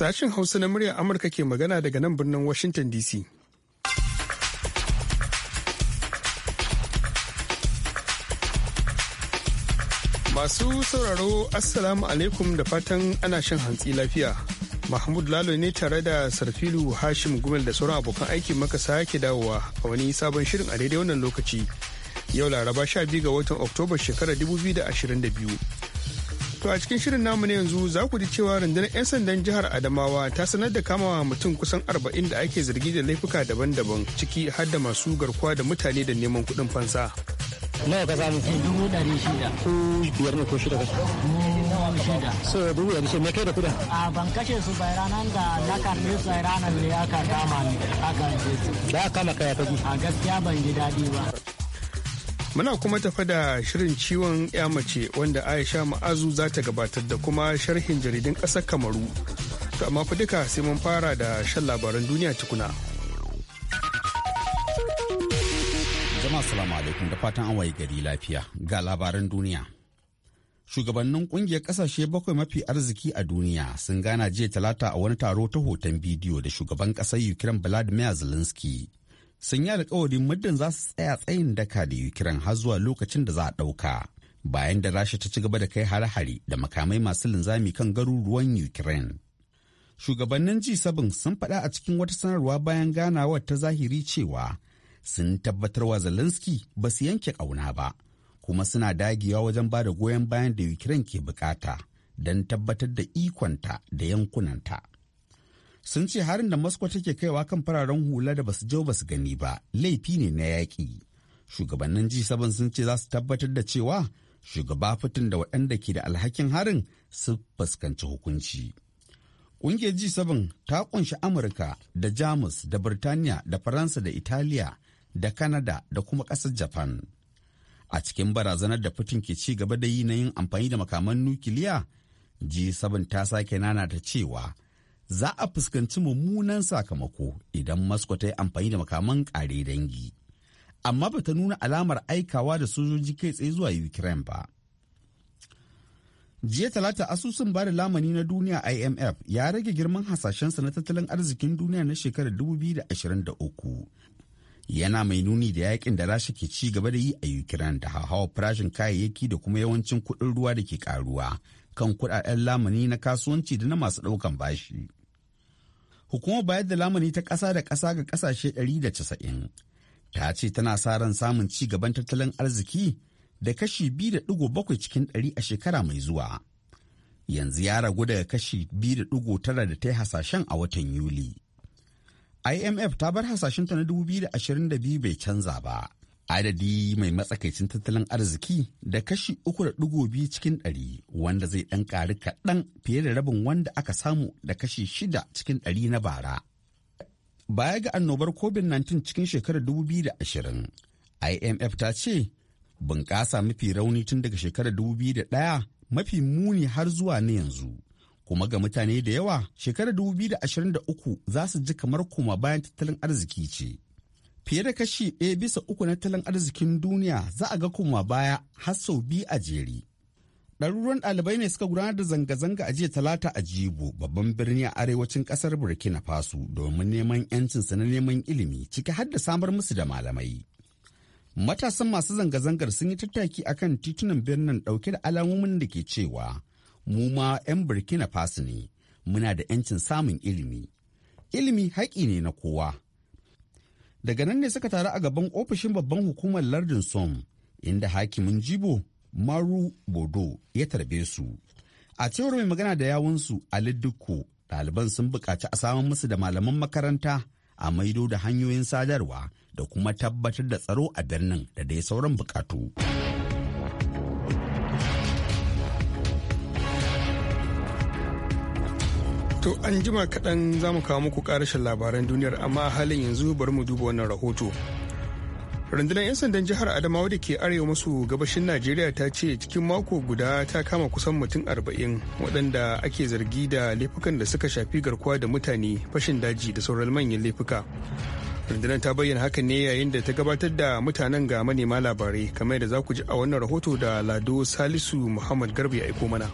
Sashen Hausa na muryar Amurka ke magana daga nan birnin Washington DC. Masu sauraro Assalamu alaikum da fatan ana shan hantsi lafiya. Mahmud Lalo ne tare da Sarfilu Hashim Gumel da sauran abokan aiki makasa sake dawowa a wani sabon shirin a daidai wannan lokaci. Yau Laraba 12 ga watan Oktoba shekarar 2022. To a cikin shirin namu ne yanzu za ku ji cewa rundunar 'yan sandan jihar Adamawa ta sanar da kamawa mutum kusan 40 da ake zargi da laifuka daban-daban ciki har da masu garkuwa da mutane da neman kuɗin fansa. Nawa ka samu? Dubu ɗari shida. Ko biyar ne ko shida ka nawa shida. So dubu ɗari shida me kai da kuɗin? A ban kashe su bai ranar da na karɓe su ranar ne ka kama ni aka je su. Da kama kaya ta ji. A gaskiya ban ji daɗi ba. Muna kuma tafa da shirin ciwon ya mace wanda Aisha Ma'azu za ta gabatar da kuma sharhin jaridun ƙasar Kamaru. To amma fa duka sai mun fara da shan labaran duniya tukuna. Jama'a salamu alaikum da fatan an waye gari lafiya ga labaran duniya. Shugabannin kungiyar ƙasashe bakwai mafi arziki a duniya sun gana jiya talata a wani taro ta hoton bidiyo da shugaban kasar Ukraine Vladimir Zelensky sun yi alkawarin muddin za su tsaya tsayin daka da yukiran har zuwa lokacin da za a ɗauka bayan da rasha ta ci gaba da kai hare-hare da makamai masu linzami kan garuruwan ukraine shugabannin g7 sun faɗa a cikin wata sanarwa bayan ganawar ta zahiri cewa sun wa zelensky ba su yanke ƙauna ba kuma suna dagewa wajen ba da goyon bayan da ukraine ke bukata don tabbatar da ikonta da yankunanta sun ce harin da Moscow take kaiwa kan fararen hula da basu jau basu gani ba laifi ne na yaƙi. Shugabannin G7 sun ce za su tabbatar da cewa shugaba fitin da waɗanda ke da alhakin harin su fuskanci hukunci. Ƙungiyar G7 ta ƙunshi Amurka da Jamus da Birtaniya da Faransa da Italiya da Kanada da kuma ƙasar Japan. A cikin barazanar da fitin ke ci gaba da yi na yin amfani da makaman nukiliya, G7 ta sake nana ta cewa za a fuskanci mummunan sakamako idan Moscow ta yi amfani da makaman ƙare dangi. Amma ba ta nuna alamar aikawa da sojoji kai tsaye zuwa Ukraine ba. Jiya talata asusun bada lamani na duniya IMF ya rage girman hasashensa na tattalin arzikin duniya na shekarar 2023. Yana mai nuni da yakin da rasha ke ci gaba da yi a Ukraine da hauhawar farashin kayayyaki da kuma yawancin kuɗin ruwa da ke karuwa kan kuɗaɗen lamani na kasuwanci da na masu ɗaukan bashi. hukumar bayar da lamuni ta ƙasa da ƙasa ga ƙasashe 190 ta ce tana sa ran samun ci gaban tattalin arziki da kashi 2.7 cikin 100 a shekara mai zuwa yanzu ya ragu daga kashi 2.9 da ta yi hasashen a watan yuli imf ta bar hasashen ta na 2022 bai canza ba adadi mai matsakaicin tattalin arziki da kashi 3.2 cikin 100 wanda zai dan karu kaɗan fiye da rabin wanda aka samu da kashi shida cikin 100 na bara. Baya ga annobar COVID-19 cikin shekarar 2020, IMF ta ce bunƙasa mafi rauni tun daga shekarar 2001 mafi muni har zuwa na yanzu. Kuma ga mutane da yawa shekarar 2023 za su ji kamar kuma bayan tattalin arziki ce. fiye da kashi ɗaya bisa uku na talan arzikin duniya za a ga kuma baya har sau biyu a jeri. ɗaruruwan ɗalibai ne suka gudanar da zanga-zanga a jiya talata a jibo babban birni a arewacin ƙasar burkina faso domin neman yancinsu na neman ilimi ciki har da samar musu da malamai matasan masu zanga-zangar sun yi tattaki a kan titunan birnin ɗauke da alamomin da ke cewa mu ma 'yan burkina faso ne muna da yancin samun ilimi ilimi haƙi ne na kowa daga nan ne suka taru a gaban ofishin babban hukumar lardin som inda hakimin jibo maru bodo ya tarbe su a cewar mai magana da yawunsu ali dukko ɗaliban sun bukaci a samun musu da malaman makaranta a maido da hanyoyin sadarwa da kuma tabbatar da tsaro a birnin da dai sauran bukatu. To an jima kaɗan za mu kawo muku ƙarashin labaran duniyar amma halin yanzu bari mu duba wannan rahoto. Rundunar 'yan sandan jihar Adamawa da ke arewa maso gabashin Najeriya ta ce cikin mako guda ta kama kusan mutum arba'in waɗanda ake zargi da laifukan da suka shafi garkuwa da mutane fashin daji da sauran manyan laifuka. Rundunar ta bayyana hakan ne yayin da ta gabatar da mutanen ga manema labarai kamar da za ku ji a wannan rahoto da Lado Salisu Muhammad Garba ya aiko mana.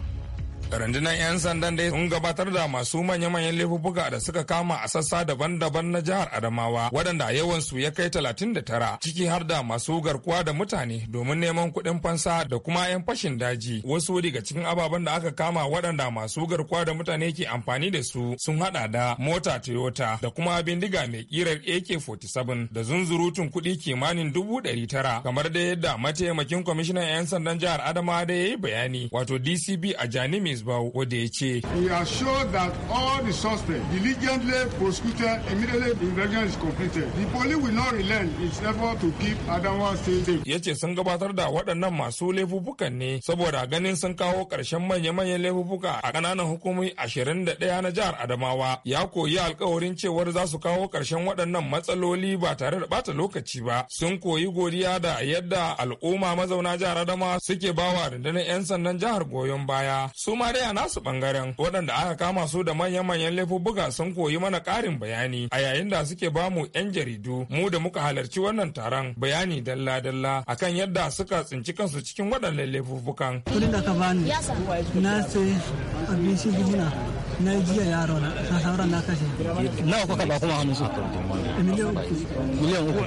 rundunar 'yan sandan dai sun gabatar da masu manya-manyan laifuffuka da suka kama a sassa daban-daban na jihar adamawa waɗanda su ya kai 39 ciki har da masu garkuwa da mutane domin neman kuɗin fansa da kuma 'yan fashin daji wasu daga cikin ababen da aka kama waɗanda masu garkuwa da mutane ke amfani da su sun haɗa da mota toyota da kuma bindiga mai ƙirar ak-47 da zunzurutun kuɗi kimanin dubu ɗari tara kamar da yadda mataimakin kwamishinan 'yan sandan jihar adamawa da ya yi bayani wato dcb a janimi Hisbau wanda ya ce. We are sure that all the suspects diligently prosecuted immediately the investigation is completed. The police will not relent its effort to keep Adamawa still there. Ya ce sun gabatar da waɗannan masu laifuffukan ne saboda ganin sun kawo ƙarshen manya-manyan laifuffuka a ƙananan hukumomi ashirin da ɗaya na jihar Adamawa. Ya koyi alkawarin cewar za su kawo ƙarshen waɗannan matsaloli ba tare da ɓata lokaci ba. Sun koyi godiya da yadda al'umma mazauna jihar Adamawa suke bawa rundunar 'yan sandan jihar goyon baya. Suma ma a nasu bangaren waɗanda aka kama su da manya-manyan laifuffuka sun koyi mana ƙarin bayani a yayin da suke ba mu 'yan jaridu mu da muka halarci wannan taron bayani dalla-dalla akan yadda suka tsinci kansu cikin waɗannan laifuffukan. da ka bani na sai abinci na yi jiya yaro na na na kashe nawa kuka ba kuma hannun su miliyan uku miliyan uku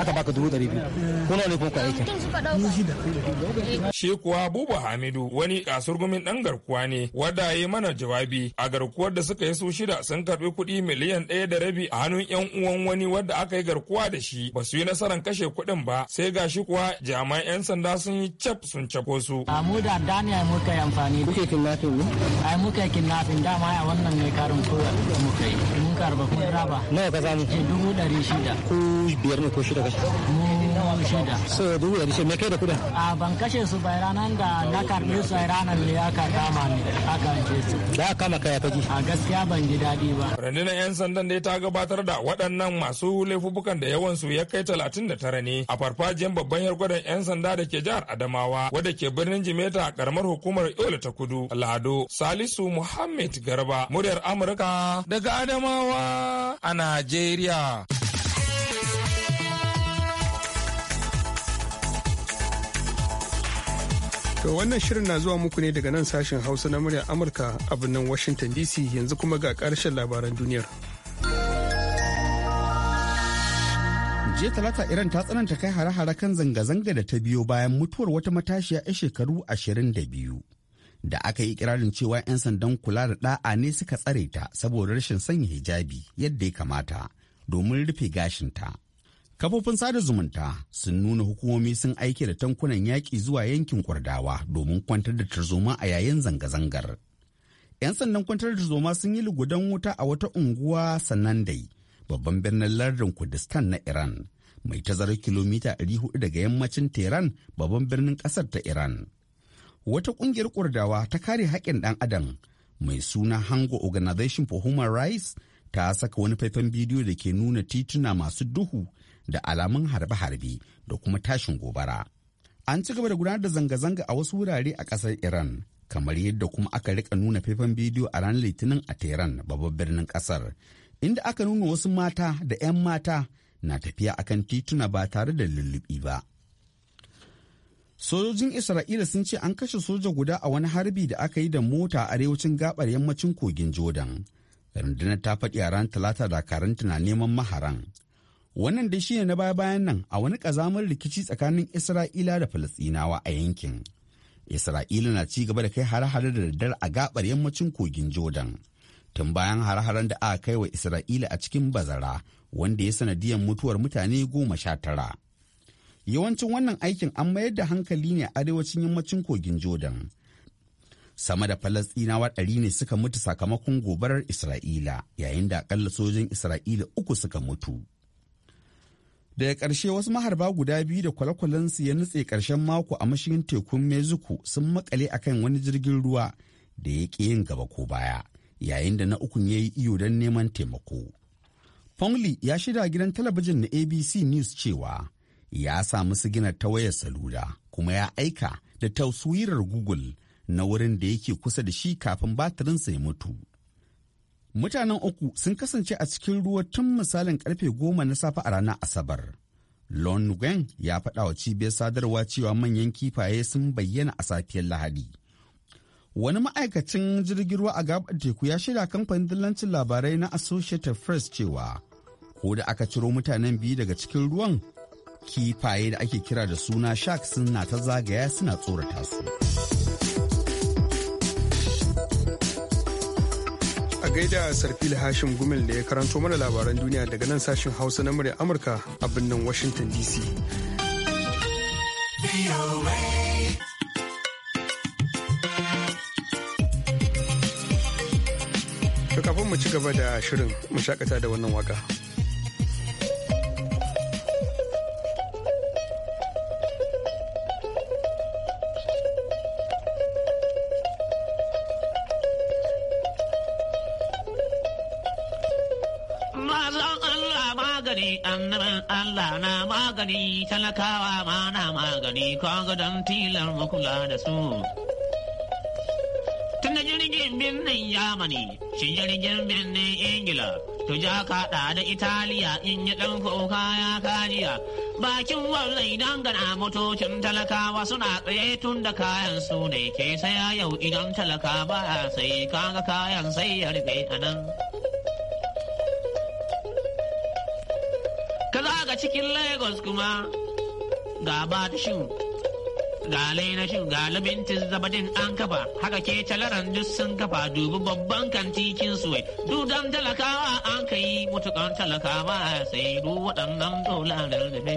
aka baka dubu dari biyu eh. ko nawa ne kuka aikin ni shida shi kuwa bubu hamidu wani kasurgumin dan garkuwa ne wadda ya yi mana jawabi a garkuwar da suka yi su shida sun karbi kuɗi miliyan ɗaya da rabi a hannun yan uwan wani wadda aka yi garkuwa da shi ba su yi nasarar kashe kuɗin ba sai ga shi kuwa jami'an 'yan sanda sun yi cap sun cako su. mu da dani ai muka yi amfani. Kuke kidnapping ne? Ai muka yi kidnapping dama baya wannan ne karin koyar da muka yi mun karba kun raba nawa ka sani eh, dubu ɗari shida ko biyar ne ko shida ka mu goma shaida. So dubu ɗari shi me kai da kuɗin? A ban kashe su bai ranar da na karɓi su a ranar ne aka kama ne aka je su. Da kama kai ka ji. A gaskiya ban ji daɗi ba. Rundunar 'yan sandan dai ta gabatar da waɗannan masu laifukan da yawansu ya kai talatin da tara ne a farfajiyar babban yargwadon 'yan sanda da ke jihar Adamawa wadda ke birnin Jimeta karamar hukumar Yola ta Kudu. Lado Salisu Muhammad Garba muryar Amurka daga Adamawa a Najeriya. To wannan shirin na zuwa muku ne daga nan sashen Hausa na muryar Amurka a birnin Washington DC yanzu kuma ga karshen labaran duniyar. jiya talata iran ta tsananta kai hare-hare kan zanga-zanga da ta biyo bayan mutuwar wata matashiya 'yan shekaru 22 da aka yi kirarin cewa 'yan sandan kula da ɗa'a ne suka tsare ta saboda rashin sanya hijabi yadda ya kamata domin rufe gashinta. Kafofin sada zumunta sun nuna hukumomi sun aike da tankunan yaƙi zuwa yankin Kwardawa domin kwantar da tarzoma a yayin zanga-zangar. 'Yan sandan kwantar da tarzoma sun yi lugudan wuta a wata unguwa Sanandai, babban birnin lardin Kurdistan na Iran, mai tazarar kilomita 400 daga yammacin Tehran, babban birnin ƙasar ta Iran. Wata ƙungiyar Kurdawa ta kare haƙƙin ɗan adam mai suna Hango Organization for Human Rights ta saka wani faifan bidiyo da ke nuna tituna masu duhu da alamun harbe-harbe da kuma tashin gobara. An ci gaba da gudanar da zanga-zanga a wasu wurare a ƙasar Iran, kamar yadda kuma aka rika nuna faifan bidiyo a ranar Litinin a Tehran, babban birnin ƙasar, inda aka nuna wasu mata da 'yan mata na tafiya akan tituna ba tare da lullubi ba. Sojojin Isra'ila sun ce an kashe soja guda a wani harbi da aka yi da mota a arewacin gabar yammacin kogin Jordan. Rundunar ta faɗi a ran talata dakaranta na neman maharan. Wannan da shi ne na baya bayan nan a wani ƙazamar rikici tsakanin Isra'ila da Falasɗinawa a yankin. Isra'ila na ci gaba da kai hare-hare da daddare a gabar yammacin kogin Jordan. Tun bayan hare-haren da aka kai wa Isra'ila a cikin bazara wanda ya sanadiyar mutuwar mutane goma sha tara. Yawancin wannan aikin an mayar da hankali ne a arewacin yammacin kogin Jordan. sama da falasɗinawa ɗari ne suka mutu sakamakon gobarar isra'ila yayin da akalla sojin isra'ila uku suka mutu daga ƙarshe wasu maharba guda biyu da kwale-kwalensu ya nutse ƙarshen mako a mashigin tekun mexico sun makale kan wani jirgin ruwa da ya ƙi yin gaba ko baya yayin da na ukun ya yi iyo don neman taimako Pongli ya shirya gidan talabijin na abc news cewa ya samu siginar ta wayar salula kuma ya aika da taswirar google na wurin da yake kusa da shi kafin batirinsa ya mutu Mutanen uku sun kasance a cikin ruwa tun misalin karfe goma na safe a ranar Asabar. Lon Nguyen ya faɗa wa cibiyar sadarwa cewa manyan kifaye sun bayyana a safiyar Lahadi. Wani ma'aikacin jirgin ruwa a gabar teku ya shirya kamfanin dillancin labarai na Associated Press cewa ko da aka ciro mutanen biyu daga cikin ruwan kifaye da ake kira da suna shark suna ta zagaya suna tsorata su. a gaida sarfil hashim gumel da ya karanto mana labaran duniya daga nan sashin hausa na murya amurka a birnin washington dc kafin mu ci gaba da shirin mu shakata da wannan waka. talakawa ma na magani kaga don tilar makula da su. Tun da jirgin birnin Yamani, shi jirgin birnin Ingila, to ja kaɗa da Italiya in yi ɗan kuka ya Bakin wannan idan gana motocin talakawa suna tsaye tun da kayan su ne ke saya yau idan talaka ba sai kaga kayan sai ya rufe a nan. cikin Lagos kuma ga batishin ga ga zabadin an kafa haka ke talaran duk sun kafa dubi babban kantikin duk dudan talakawa an ka yi mutukan talakawa sai du waɗannan dolarar da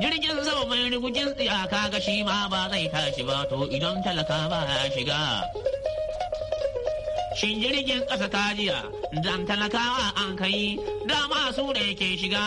ne jirgin sama mai rigujin tsiyaka ga shi ma ba zai tashi ba to idan talakawa ya shiga shin jirgin ƙasa ta jiya dan talakawa an kai, dama su da yake shiga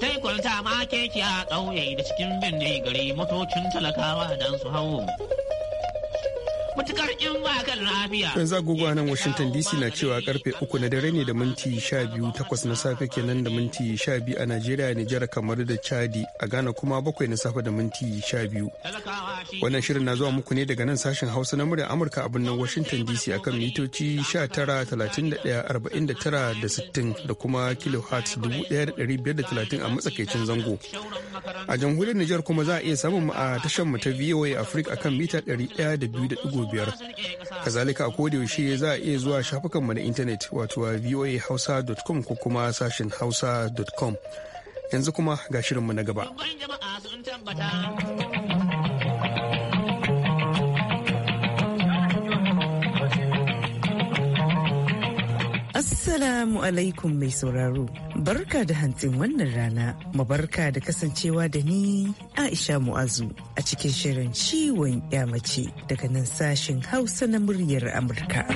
tai kwalta ma keke a ƙauye da cikin binne gari motocin talakawa don su hau. Mutukar in ba kan lafiya. Yanzu agogo nan Washington DC na cewa karfe uku na dare ne da minti sha biyu takwas na safe kenan da minti sha biyu a Najeriya Nijar kamar da Chadi a Ghana kuma bakwai na safe da minti sha biyu. Wannan shirin na zuwa muku ne daga nan sashen Hausa na murya Amurka a birnin Washington DC akan mitoci 19,31,49 da 60 da kuma kilohertz 1,530 a matsakaicin zango. A jamhuriyar Nijar kuma za a iya samun mu a tashar mu ta VOA Africa akan mita 102.5. Kazalika a yaushe za a iya zuwa shafukan mu na intanet wato voahausa.com ko kuma sashen hausa.com. Yanzu kuma ga shirinmu na gaba. Assalamu alaikum mai sauraro, barka da hantsin wannan rana, mabarka da kasancewa da ni Aisha Mu'azu a cikin shirin ciwon yamace daga nan sashen Hausa na muryar Amurka.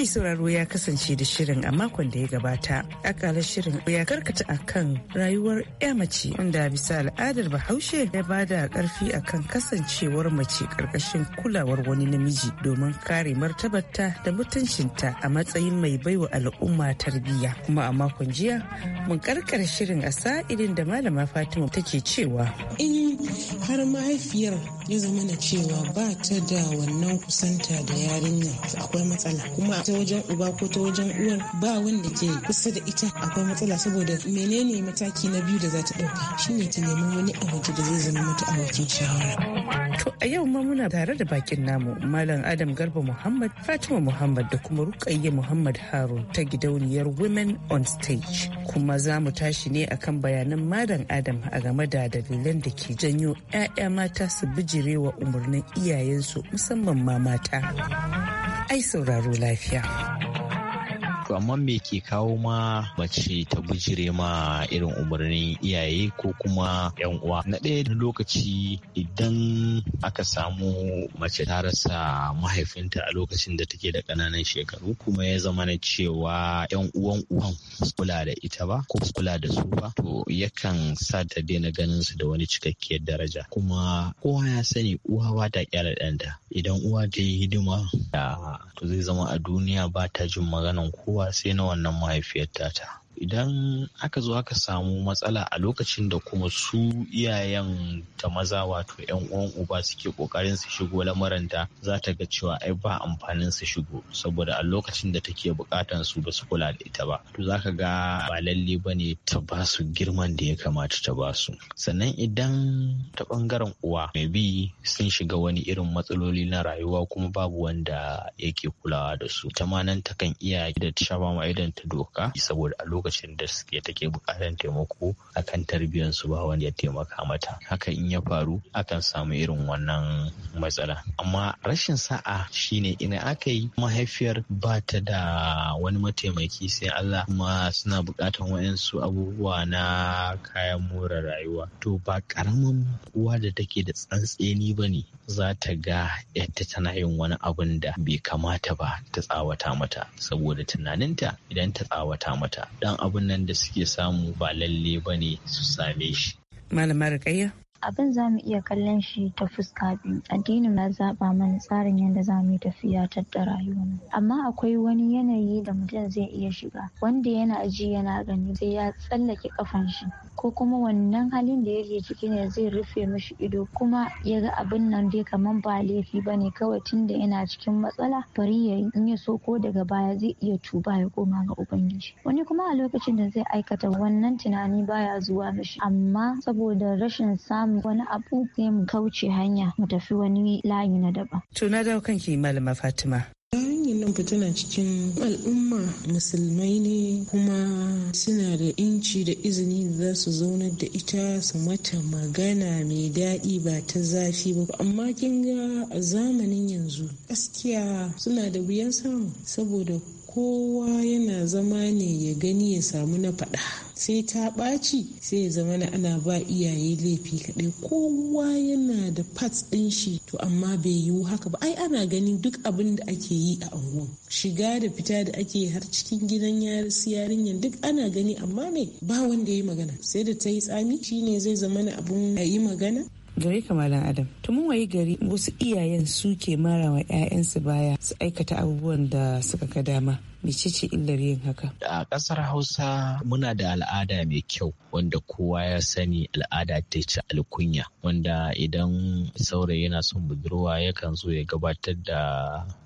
mai sauraro ya kasance da shirin a makon da ya gabata. Akalar shirin ya karkata akan rayuwar 'ya mace wanda bisa al'adar bahaushe ya bada karfi akan kasancewar mace karkashin kulawar wani namiji domin kare martabarta da mutuncinta a matsayin mai baiwa al'umma tarbiyya. Kuma a makon jiya mun karkar shirin a sa'ilin da malama Fatima take cewa. In eh, har mahaifiyar ya zama na cewa ba ta da wannan kusanta da yarinya akwai matsala kuma ta wajen uba ko ta wajen uwar ba wanda ke kusa da ita akwai matsala saboda menene mataki na biyu da za ta ɗauka shine ta nemi wani abinci da zai zama mata abokin shawara. To a yau ma muna tare da bakin namu Malam Adam Garba Muhammad Fatima Muhammad da kuma Rukayya Muhammad harun ta gidauniyar Women on Stage kuma za mu tashi ne akan bayanan Malam Adam a game da dalilan da ke janyo 'ya'ya mata su bijirewa umarnin iyayensu musamman ma mata. Ai sauraro lafiya. lafiya. To amma me ke kawo ma mace ta bijire ma irin umarnin iyaye ko kuma yan uwa. Na ɗaya lokaci idan aka samu mace ta rasa mahaifinta a lokacin da take da ƙananan shekaru kuma ya zama na cewa yan uwan uwan kula da ita ba ko kula da su ba to yakan sa ta daina ganin su da wani cikakkiyar daraja kuma kowa ya sani uwa ba ta kyara ɗanta idan uwa ta yi hidima to zai zama a duniya ba ta jin maganan kowa kowa sai na wannan mahaifiyar tata. idan aka zo aka samu matsala a lokacin da kuma su iyayen ta maza wato yan uwan uba suke kokarin su shigo lamarin ta, za ta ga cewa ai ba amfanin su shigo saboda a lokacin da take bukatan su ba su kula da ita ba to zaka ga ba lalle ba ne ta ba su girman da ya kamata ta ba su sannan idan ta bangaren uwa mai bi sun shiga wani irin matsaloli na rayuwa kuma babu wanda yake kulawa da su ta ma nan takan iya da ta shafa ma idan ta doka saboda a lokacin da suke take bukatan taimako akan tarbiyyar su ba wanda ya taimaka mata haka in ya faru akan samu irin wannan matsala amma rashin sa'a shine ina aka yi mahaifiyar ba ta da wani mataimaki sai Allah kuma suna bukatan wayansu abubuwa na kayan more rayuwa to ba karamin uwa da take da tsantseni bane za ta ga yadda tana yin wani abun da bai kamata ba ta tsawata mata saboda tunaninta idan ta tsawata mata dan abun nan da suke samu ba lalle ba ne su same shi. abin za mu iya kallon shi ta fuska biyu addinin ya zaba mana tsarin yadda za mu yi tafiya da rayuwa amma akwai wani yanayi da mutum zai iya shiga wanda yana ji yana gani sai ya tsallake kafan shi ko kuma wannan halin da yake ciki ne zai rufe mishi ido kuma ya ga abin nan dai kamar ba laifi ba ne kawai tunda yana cikin matsala bari ya yi in ya so ko daga baya zai iya tuba ya koma ga ubangiji wani kuma a lokacin da zai aikata wannan tunani baya zuwa mishi amma saboda rashin samun mu wani abu sai mu kauce hanya mu tafi wani layi na daban. To na dawo kanki malama Fatima. nan fitina cikin al'umma musulmai ne kuma suna da inci da izini da za su zaunar da ita su mata magana mai daɗi ba ta zafi ba amma kin ga a zamanin yanzu gaskiya suna da wuyan samu saboda kowa yana zama ne ya gani ya samu na faɗa sai ta ɓaci sai ya zama na ana ba iyaye laifi kaɗai kowa yana da pat ɗin shi to amma bai yiwu haka ba ai ana gani duk abin da ake yi a unguwan shiga da fita da ake har cikin gidan yarinyar duk ana gani amma ne ba wanda ya yi magana sai da ta yi tsami shine zai zama na abun yi magana gare ka malam adam to mun wayi gari wasu iyayen suke mara wa 'ya'yansu baya su aikata abubuwan da suka ga dama mecece illar yin haka? A ƙasar Hausa muna da al'ada mai kyau wanda kowa ya sani al'ada ta ci alkunya wanda idan saurayi yana son budurwa yakan zo ya gabatar da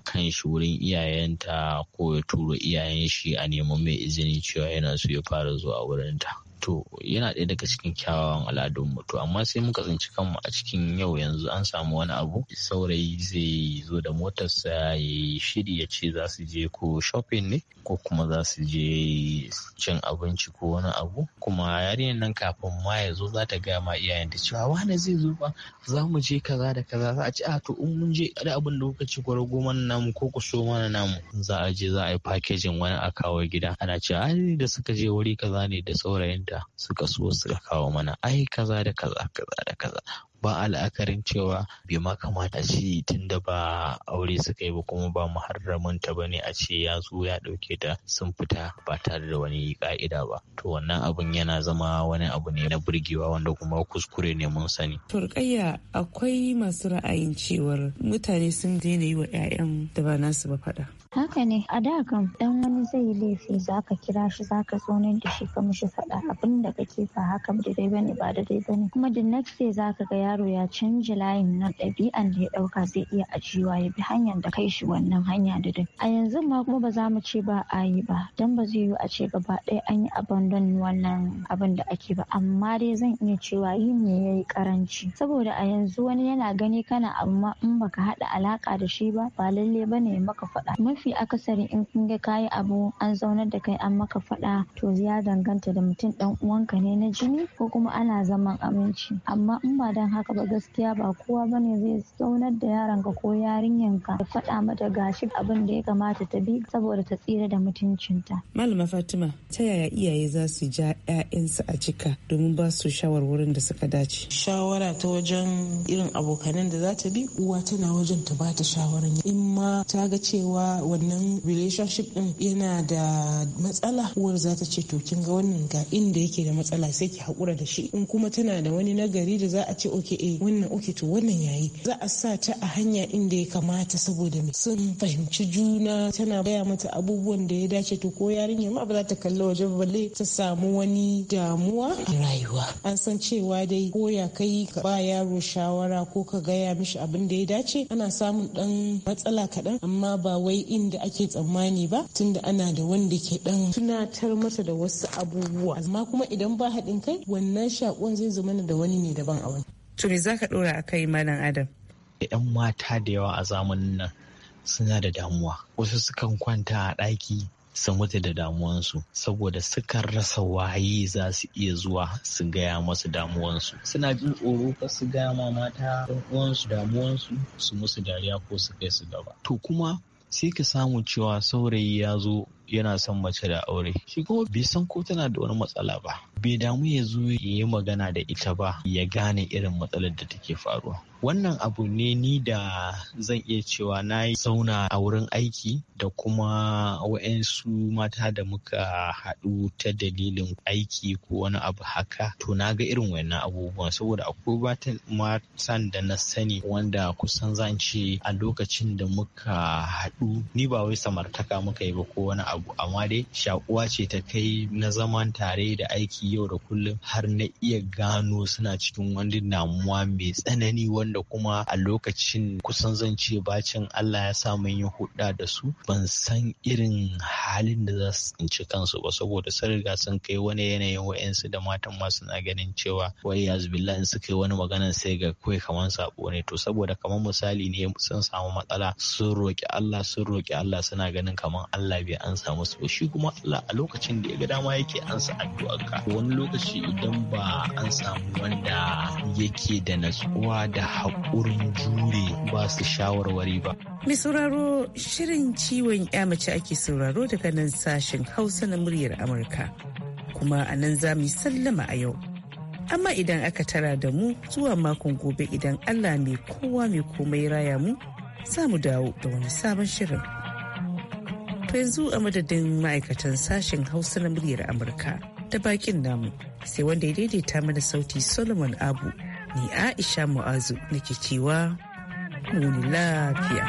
kan shi wurin iyayenta ko ya turo iyayen shi a neman mai izinin cewa yana so ya fara zuwa wurinta. to yana ɗaya daga cikin kyawawan al'adun mu to amma sai muka tsinci kanmu a cikin yau yanzu an samu wani abu saurayi zai zo da motarsa ya yi shiri ya ce za su je ko shopping ne ko kuma za su je cin abinci ko wani abu kuma yarinyar nan kafin ma ya zo za ta gaya ma iyayen ta cewa wani zai zo ba za mu je kaza da kaza za a ce a to in mun je da abin da kuka ci goma mana namu ko ku so mana namu za a je za a yi packaging wani a kawo gida ana cewa ai da suka je wuri kaza ne da saurayin ta Afirka suka so suka kawo mana ai kaza da kaza kaza da kaza ba al'akarin cewa bai ma kamata shi tunda ba aure suka yi ba kuma ba muharramin ba ne a ce ya zo ya ɗauke da sun fita ba tare da wani ƙa'ida ba to wannan abun yana zama wani abu ne na burgewa wanda kuma kuskure ne mun sani. turkayya akwai masu ra'ayin cewar mutane sun daina yi wa 'ya'yan da ba nasu ba faɗa. haka ne a da kam dan zai yi laifi za ka kira shi za ka tsonar da shi ka mishi faɗa abin da kake ba haka daidai bane ba daidai bane kuma the next day za ka ga yaro ya canja layin na ɗabi'an da ya ɗauka zai iya ajiyewa ya bi hanyar da kai shi wannan hanya da dai a yanzu ma kuma ba za mu ce ba a yi ba don ba zai yiwu a ce gaba ɗaya an yi abandon wannan abin da ake ba amma dai zan iya cewa yi ne ya yi karanci saboda a yanzu wani yana gani kana amma in baka haɗa alaƙa da shi ba ba lalle bane maka faɗa mafi akasari in kun ga kayi abu samu an zaunar da kai an maka faɗa to ya danganta da mutum ɗan uwanka ne na jini ko kuma ana zaman aminci amma in ba dan haka ba gaskiya ba kowa bane zai zaunar da yaranka ko yarinyanka ka faɗa mata gashi abin da ya kamata ta bi saboda ta tsira da mutuncinta. Malama Fatima ta yaya iyaye za su ja 'ya'yansu a cika domin ba su shawarwarin da suka dace. Shawara ta wajen irin abokanan da za ta bi uwa tana wajen ta ba ta shawaran in ma ta ga cewa wannan relationship ɗin yana yana da matsala uwar za ta ce to kin ga wannan ga inda yake da matsala sai ki haƙura da shi in kuma tana da wani nagari da za a ce oke eh wannan oke to wannan yayi za a sa ta a hanya inda ya kamata saboda me sun fahimci juna tana baya mata abubuwan da ya dace to ko yarinya ma ba za ta kalli waje balle ta samu wani damuwa a rayuwa an san cewa dai ko ya kai ka ba yaro shawara ko ka gaya mishi abin da ya dace ana samun dan matsala kaɗan amma ba wai inda ake tsammani ba tunda ana da wanda ke dan tunatar masa da wasu abubuwa amma kuma idan ba haɗin kai wannan shakon zai zama da wani ne daban a wani. to me zaka dora a kai malam adam. yan mata da yawa a zamanin nan suna da damuwa wasu sukan kwanta a ɗaki su mutu da damuwansu saboda sukan rasa waye za su iya zuwa su gaya masu damuwansu suna jin tsoro ka su gaya ma mata damuwansu su musu dariya ko su kai su gaba to kuma sai ka samu cewa saurayi ya zo yana son mace da aure shi kuma bai san ko tana da wani matsala ba bai damu ya zo ya yi magana da ita ba ya gane irin matsalar da take faruwa wannan abu ne ni da zan iya cewa na yi zauna a wurin aiki da kuma wa'yansu mata da muka haɗu ta dalilin aiki ko wani abu haka to na ga irin wannan abubuwan saboda akwai matan da na sani wanda kusan zan ce a lokacin da muka haɗu ni ba wai samartaka muka yi ba ko wani abu abu amma dai shakuwa ce ta kai na zaman tare da aiki yau da kullum har na iya gano suna cikin wani damuwa mai tsanani wanda kuma a lokacin kusan zan ce bacin Allah ya sa mun yi hudda da su ban san irin halin da za su tsinci kansu ba saboda sun riga sun kai wani yanayin wa'yansu da matan ma suna ganin cewa wai yazbillah in suka yi wani maganan sai ga kawai kamar sabo ne to saboda kamar misali ne sun samu matsala sun roki Allah sun roki Allah suna ganin kamar Allah bai ansa amsa masa ba shi kuma Allah a lokacin da ya ga dama yake ansa addu'arka wani lokaci idan ba an samu wanda yake da natsuwa da haƙurin jure ba su shawarwari ba. Mai sauraro shirin ciwon ya mace ake sauraro daga nan sashen Hausa na muryar Amurka. Kuma a nan za mu sallama a yau. Amma idan aka tara da mu zuwa makon gobe idan Allah mai kowa mai komai raya mu, za mu dawo da wani sabon shirin. To yanzu a madadin ma'aikatan sashen Hausa na muryar Amurka da bakin namu sai wanda ya daidaita mana sauti Solomon Abu ni Aisha Mu'azu nake cewa muni lafiya.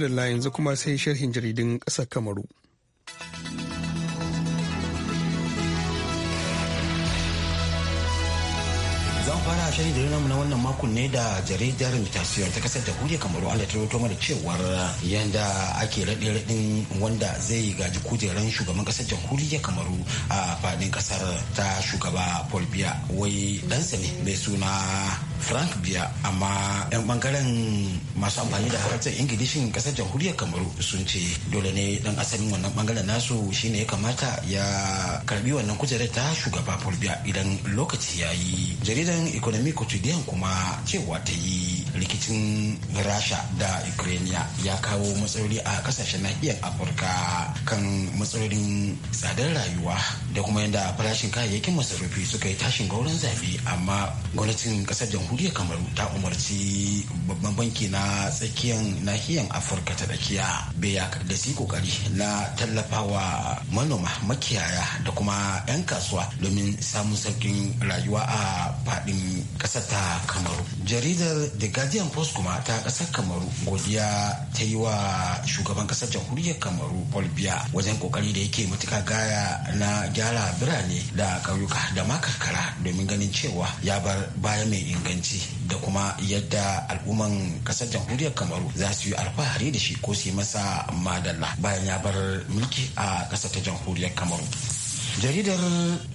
madalla yanzu kuma sai sharhin jaridun ƙasar kamaru zan fara da namu na wannan makon ne da jaridar mutation ta kasar jamhuriyar kamaru an da ta da cewar yanda ake raɗe radin wanda zai yi gaji kujeran shugaban kasar jamhuriyar kamaru a fadin kasar ta shugaba paul wai ɗansa ne mai suna frank biya amma 'yan bangaren masu amfani da harshen ingilishin kasar jamhuriyar kamaru sun ce dole ne dan asalin wannan bangaren nasu shine ya kamata ya karbi wannan kujerar ta shugaba fulbiya idan lokaci ya yi jaridan economic quotidian kuma cewa ta yi rikicin rasha da ukraine ya kawo matsaloli a kasashen nahiyar afirka kan matsalolin tsadar rayuwa da kuma yadda farashin kayayyakin masarufi suka yi tashin gauran zafi amma gwamnatin kasar jamhuriyar jamhuriyar kamaru ta umarci babban banki na tsakiyar nahiyar afirka ta bai beya da su kokari na tallafawa manoma makiyaya da kuma 'yan kasuwa domin samun sauƙin rayuwa a faɗin ƙasar ta kamaru jaridar the guardian post kuma ta ƙasar kamaru godiya ta yi wa shugaban ƙasar jamhuriyar kamaru paul biya wajen kokari da yake matuka gaya na gyara birane da ƙauyuka da ma karkara domin ganin cewa ya bar baya mai inganci kasance da kuma yadda al'umman kasar jamhuriyar kamaru za su yi alfahari da shi ko su yi masa madalla bayan ya bar mulki a kasar ta jamhuriyar kamaru jaridar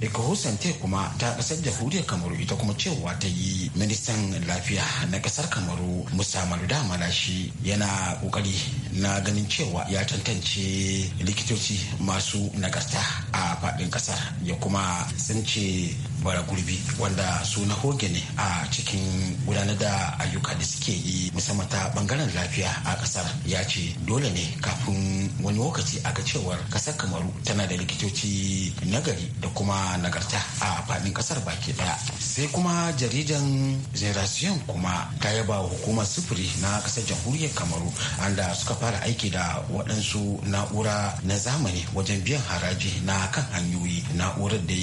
ecohosante kuma ta kasar jamhuriyar kamaru ita kuma cewa ta yi ministan lafiya na kasar kamaru musa maluda malashi yana kokari na ganin cewa ya tantance likitoci masu nagarta a faɗin kasar ya kuma sun ce bara gurbi wanda su na hoge ne a cikin gudanar da ayyuka da suke yi musamman ta bangaren lafiya a kasar ya ce dole ne kafin wani lokaci aga cewar kasar kamaru tana da likitoci nagari da kuma nagarta a faɗin kasar baki daya sai kuma jaridan generation kuma ta yaba hukumar sufuri na kasar jamhuriyar kamaru anda suka fara aiki da waɗansu na'ura na zamani wajen biyan haraji na kan hanyoyi na'urar da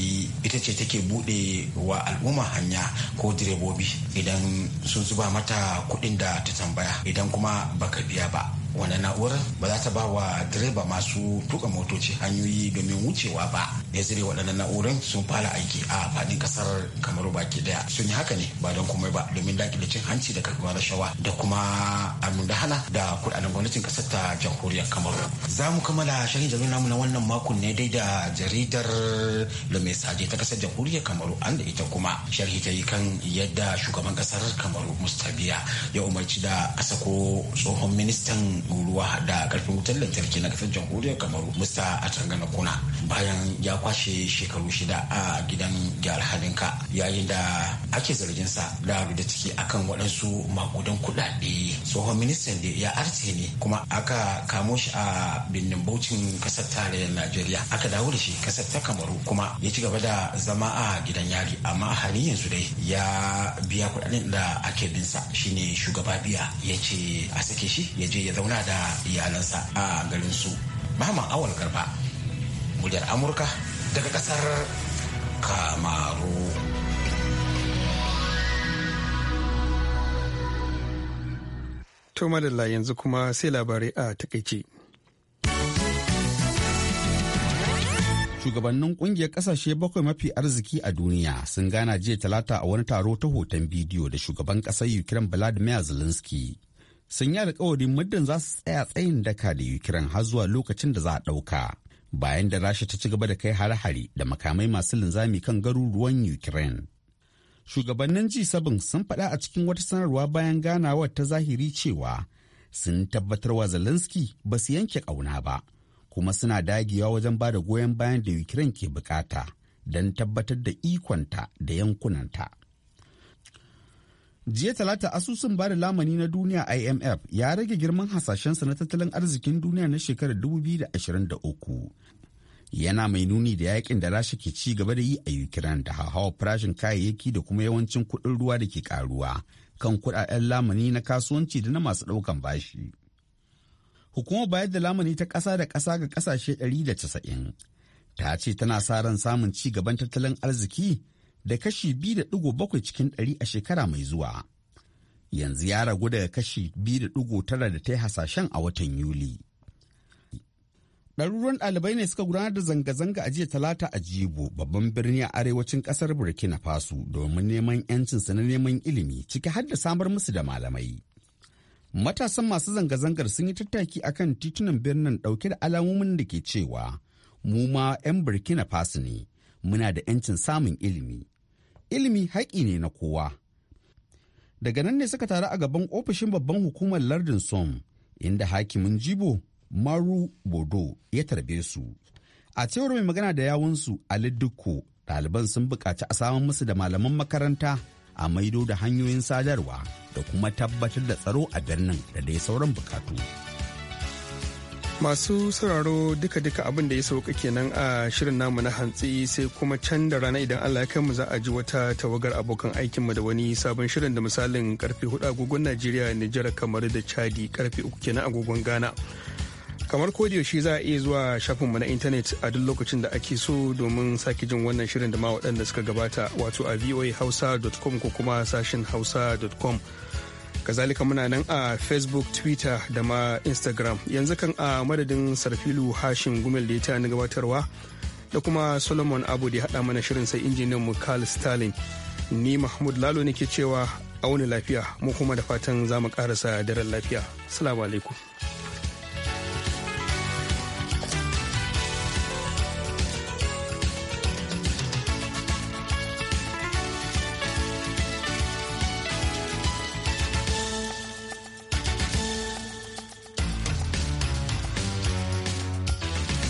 ita ce take buɗe bude wa al'umma hanya ko direbobi idan sun zuba mata kuɗin da ta tambaya idan kuma baka biya ba wani na'urar ba za ta ba wa direba masu tuka motoci hanyoyi domin wucewa ba da ya zire waɗannan na'urin sun fara aiki a faɗin ƙasar kamaru baki daya sun yi haka ne ba don komai ba domin dakile cin hanci da karɓar rashawa da kuma almundahana da kuɗaɗen gwamnatin ƙasar ta jamhuriyar kamaru za mu kammala shirin jaridar namu na wannan makon ne dai da jaridar lumisaje ta ƙasar jamhuriyar kamaru an da ita kuma sharhi ta yi kan yadda shugaban ƙasar kamaru mustabiya ya umarci da a ko tsohon ministan ruwa da ƙarfin wutar lantarki na ƙasar jamhuriyar kamaru musta a tangana kuna bayan ya kwashe shekaru shida a gidan gyara ka yayin da ake zargin sa da da ciki akan waɗansu makudan kuɗaɗe tsohon ministan da ya arce ne kuma aka kamo shi a birnin bautin kasar tarayyar najeriya aka dawo da shi kasar ta kamaru kuma ya ci gaba da zama a gidan yari amma a halin yanzu dai ya biya kuɗaɗen da ake bin sa shine shugaba biya ya ce a sake shi ya je ya zauna da iyalansa a garin su Muhammad Awal Garba, muryar Amurka daga kasar kamaru to madalla yanzu kuma sai labarai a takaice shugabannin kungiyar kasashe bakwai mafi arziki a duniya sun gana jiya talata a wani taro ta hoton bidiyo da shugaban kasar ukraine vladimir zelensky sun yi alkawarin muddin za su tsaya tsayin daka da ukraine har zuwa lokacin da za a ɗauka bayan da rasha ta ci gaba da kai hare-hare da makamai masu linzami kan garuruwan ukraine shugabannin g7 sun faɗa a cikin wata sanarwa bayan ganawar ta zahiri cewa sun tabbatar wa zelensky ba su yanke ƙauna ba kuma suna dagewa wajen ba da goyon bayan da ukraine ke bukata don tabbatar da ikonta da yankunanta jiya talata asusun bada lamani na duniya imf ya rage girman hasashensa na tattalin arzikin duniya na shekarar 2023 yana mai nuni da yakin da rasha ke ci gaba da yi a ukraine da hauhawar farashin kayayyaki da kuma yawancin kuɗin ruwa da ke karuwa kan kuɗaɗen Lamani na kasuwanci da na masu ɗaukan bashi hukumar bayar da Lamani ta ƙasa da ƙasa ga ƙasashe 190 ta ce tana sa ran samun ci gaban tattalin arziki da kashi 2.7 cikin 100 a shekara mai zuwa yanzu ya ragu daga kashi 2.9 da ta yi hasashen a watan yuli ɗaruruwan ɗalibai ne suka gudanar da zanga-zanga a jiya talata a jibo babban birni a arewacin ƙasar burkina faso domin neman 'yancinsu na neman ilimi ciki har da samar musu da malamai matasan masu zanga-zangar sun yi tattaki akan titunan birnin ɗauke da alamomin da ke cewa mu ma 'yan burkina faso ne muna da 'yancin samun ilimi ilimi haƙƙi ne na kowa daga nan ne suka taru a gaban ofishin babban hukumar lardin som inda hakimin jibo Maru Bodo ya tarbe su. A cewar mai magana da yawunsu Ali Dukko, ɗaliban sun buƙaci a samun musu da malaman makaranta a maido da hanyoyin sadarwa da kuma tabbatar da tsaro a birnin da dai sauran bukatu. Masu sauraro duka-duka abin da ya sauka kenan a shirin namu na hantsi sai kuma can da rana idan Allah ya kai mu za a ji wata tawagar abokan aikinmu da wani sabon shirin da misalin karfe 4 agogon Najeriya, Nijar, kamar da Chadi karfe 3 kenan agogon Ghana. kamar yaushe za a iya zuwa shafinmu na intanet a duk lokacin da ake so domin sake jin wannan shirin da ma waɗanda suka gabata wato a voahausa.com ko kuma sashin hausa.com kazalika muna nan a facebook twitter da ma instagram yanzu kan a madadin sarfilu hashin gumel da ya ta na gabatarwa da kuma solomon abu da ya haɗa mana shirin sai injiniyan mu carl stalin ni mahmud lalo nake cewa auni lafiya mu kuma da fatan za mu ƙarasa daren lafiya salamu alaikum